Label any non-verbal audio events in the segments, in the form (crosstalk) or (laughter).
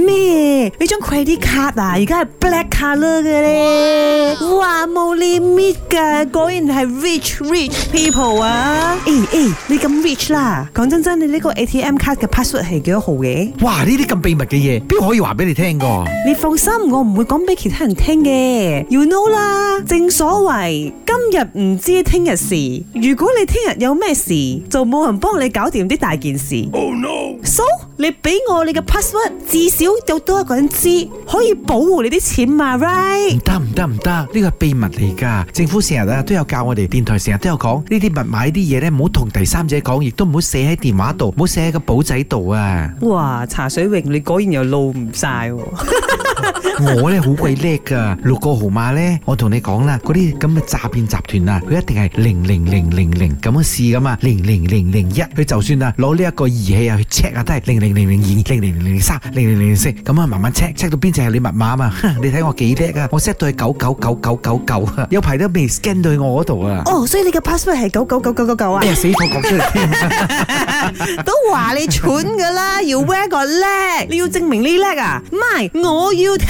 咩？你張 credit card 啊，而家係 black color 嘅咧。哇，冇 limit 噶，果然係 rich rich people 啊。誒誒、哎哎，你咁 rich 啦，講真真，你呢個 ATM 卡嘅 password 係幾多號嘅？哇，呢啲咁秘密嘅嘢，邊可以話俾你聽噶？你放心，我唔會講俾其他人聽嘅。You know 啦，正所謂今日唔知聽日事，如果你聽日有咩事，就冇人幫你搞掂啲大件事。Oh no！So 你俾我你嘅 password，至少。好就多一個人知，可以保護你啲錢嘛？Right？唔得唔得唔得，呢個秘密嚟㗎。政府成日啊都有教我哋，電台成日都有講呢啲密碼啲嘢咧，唔好同第三者講，亦都唔好寫喺電話度，唔好寫喺個簿仔度啊！哇，茶水榮你果然又露唔晒、啊。 (laughs) 我咧好鬼叻噶，六個號碼咧，我同你講啦，嗰啲咁嘅詐騙集團啊，佢一定係零零零零零咁樣試噶嘛，零零零零一，佢就算啦，攞呢一個儀器啊去 check 啊，都係零零零零二、零零零零三、零零零零四，咁啊慢慢 check check 到邊隻係你密碼啊嘛，你睇我幾叻啊，我 set 到係九九九九九九啊，有排都未 scan 到我嗰度啊。哦，oh, 所以你嘅 password 係九九九九九九啊？咩死錯講出嚟？ (laughs) (laughs) 都話你蠢噶啦，要揾個叻，你要證明呢叻啊？唔係，我要。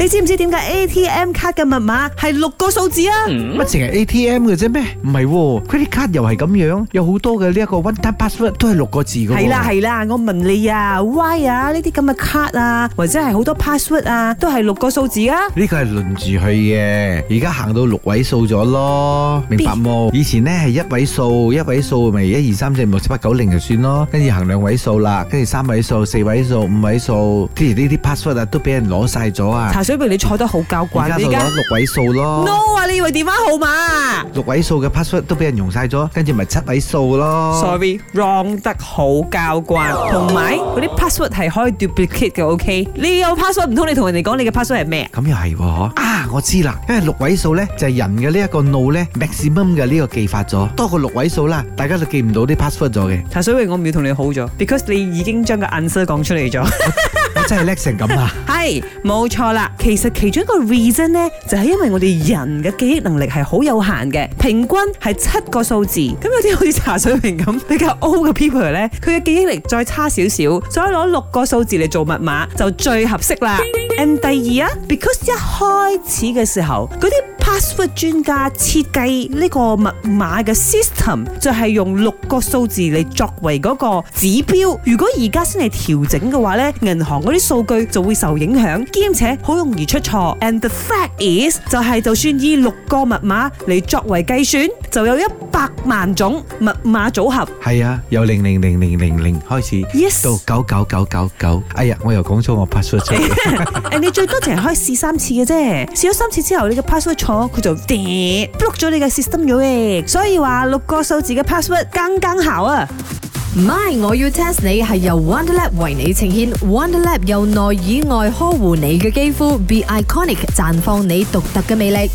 你知唔知點解 ATM 卡嘅密碼係六個數字啊？乜淨係 ATM 嘅啫咩？唔係，credit card 又係咁樣，有好多嘅呢一個 one time password 都係六個字嘅。係啦係啦，我問你啊，why 啊？呢啲咁嘅 card 啊，或者係好多 password 啊，都係六個數字啊？呢個係輪住去嘅，而家行到六位數咗咯，明白冇？以前呢係一位數，一位數咪一二三四五六七八九零就算咯，跟住行兩位數啦，跟住三位數、四位數、五位數，跟住呢啲 password 啊都俾人攞晒咗啊！所以咪你錯得好交關，而家就攞六位數咯。No 啊，你以為電話號碼？六位數嘅 password 都俾人用晒咗，跟住咪七位數咯。Sorry，wrong 得好交關，同埋嗰啲 password 係可以 duplicate 嘅。OK，你有 password 唔通你同人哋講你嘅 password 係咩啊？咁又係，啊，我知啦，因為六位數咧就係人嘅呢一個腦咧 maximum 嘅呢個記法咗，多過六位數啦，大家都記唔到啲 password 咗嘅。但所以我要同你好咗，because 你已經將個 answer 講出嚟咗。真係叻成咁啊！係冇錯啦，其實其中一個 reason 咧，就係因為我哋人嘅記憶能力係好有限嘅，平均係七個數字。咁有啲好似茶水瓶咁比較 O 嘅 people 咧，佢嘅記憶力再差少少，再攞六個數字嚟做密碼就最合適啦。And 第二啊，because 一開始嘅時候啲。哈佛專家設計呢個密碼嘅 system 就係用六個數字嚟作為嗰個指標。如果而家先係調整嘅話咧，銀行嗰啲數據就會受影響，兼且好容易出錯。And the fact is 就係就算以六個密碼嚟作為計算，就有一。百萬種密碼組合，係啊，由零零零零零零開始，Yes，到九九九九九，哎呀，我又講錯我 password，誒，你最多淨係可以試三次嘅啫，試咗三次之後你嘅 password 錯，佢就跌 block 咗你嘅 system 咗嘅，所以話六個數字嘅 password 更更好啊，MY，我要 test 你係由 Wonderlab 為你呈現 Wonderlab 由內而外呵護你嘅肌膚，be iconic 綻放你獨特嘅魅力。